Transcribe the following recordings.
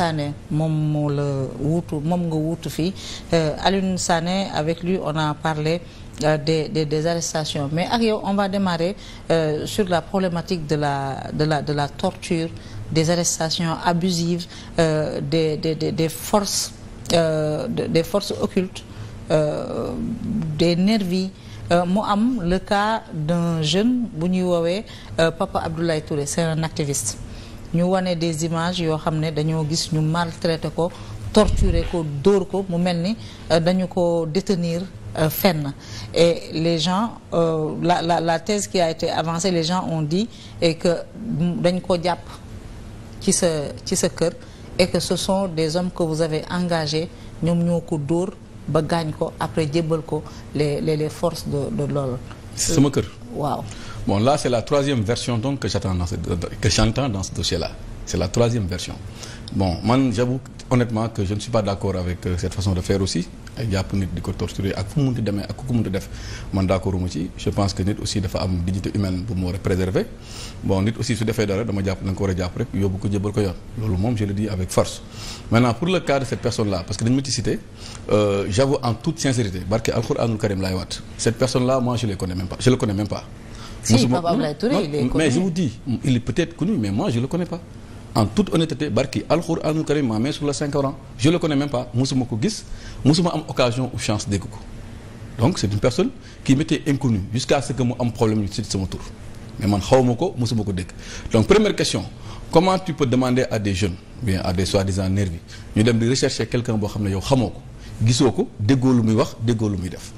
Sané moom moo la wuutu moom nga wuutu fii euh, Alioune Sané avec lui on a parlé euh, des des des arrestations mais ak yow on va démarrer euh, sur la problématique de la de la de la torture des arrestations abusives euh, des des des des forces euh, des forces occultes des nervis mu am le cas d'un jeune bu ñuy woowee Papa Abdoulaye Touré c'est un activiste. ñu wane des images yoo xam ne dañoo gis ñu maltraité ko torturé ko dóor ko mu mel ni euh, dañu ko détenir euh, fenn et les gens euh, la la la thèse qui a été avancée les gens ont di et que dañ ko jàpp ci sa ci sa kër et que ce sont des hommes que vous avez engagés ñoom ñoo ko dóor ba gaañ ko après jébbal ko les les les forces de de l'ordre. sama kër waaw. Bon, là, c'est la troisième version donc que j'attends dans ce, que j'entends dans ce dossier-là. C'est la troisième version. Bon, moi, j'avoue honnêtement que je ne suis pas d'accord avec euh, cette façon de faire aussi. Il y nit di ko torturer ak fu mu munti demee ak ku ko munti def man d'accorduma ci je pense que nit aussi dafa am dignité humaine bu mu war a préserver bon nit aussi su defee dara dama jàpp na ko war a jàpp rek yóbbu ko jëbal ko yoon loolu moom je le dis avec force maintenant si Pape Abdoulaye Touré il est connu mais je vous dis il est peut-être connu mais moi je le connais pas en toute honnêteté barki alxuraanul karim ma main sur le saint Coran je le connais même pas musuma ko gis musuma am occasion ou chance dégg ko donc c'est une personne qui m'était inconnue jusqu'à ce que mu am problème ci sama tur mais man xawma ko musuma ko dégg donc première question comment tu peux demander à des jeunes bien à des soi-disant nervis ñu dem di rechercher quelqu'un boo xam ne yow xamoo ko gisoo ko déggoo lu muy wax déggoo lu muy def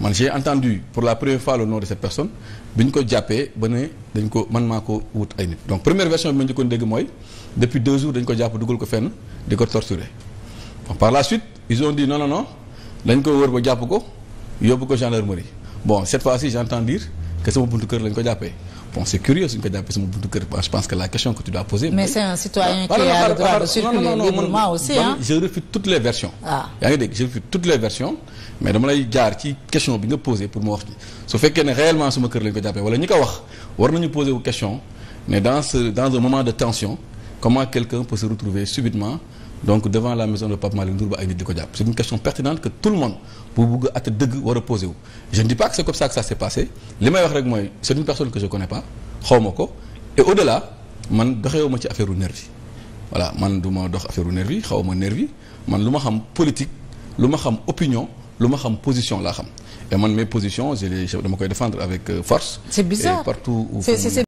man j'ai entendu pour la première fois le nom de cette personne bi ñu ko jàppee ba ne dañ ko man maa ko wut ay nit donc première version bi ma njëkkoon dégg mooy depuis deux jours dañ ko jàpp dugal ko fenn di ko torturer bon par la suite ils ont dit non non dañ ko wër ba jàpp ko yóbbu ko gendarmerie bon cette fois-ci j'entends dire que sama buntu kër lañ ko jàppee bon c'est curieux suñu ko jàppee sama buntu kër je pense que la question que tu dois poser. mais c'est un citoyen ah, qui a le droit de circuler librement aussi hein. toutes les versions. Ah. yaa ngi dégg je refuse toutes les versions mais dama lay jaar ci question bi nga posé pour mu wax ci su fekkee ne réellement suma kër lañ ko jàppee wala ñi ko wax war nañu poser question mais dans dans un moment de tension. comment quelqu'un peut se retrouver subitement donc devant la maison de Pape Malick Ndour ba ay nit di ko jàpp c'est une question pertinente que tout le monde bu bëgg a dëgg war a je ne dis pas que c'est ça que ça li may wax rek mooy c'est une personne que je connais pas xaw ma ko et au-delà man doxewu ma ci affaire u nervi man du ma dox affaire u nervi xaw man lu ma xam politique lu ma xam opinion lu ma xam position laa xam et man mes positions je koy défendre avec euh,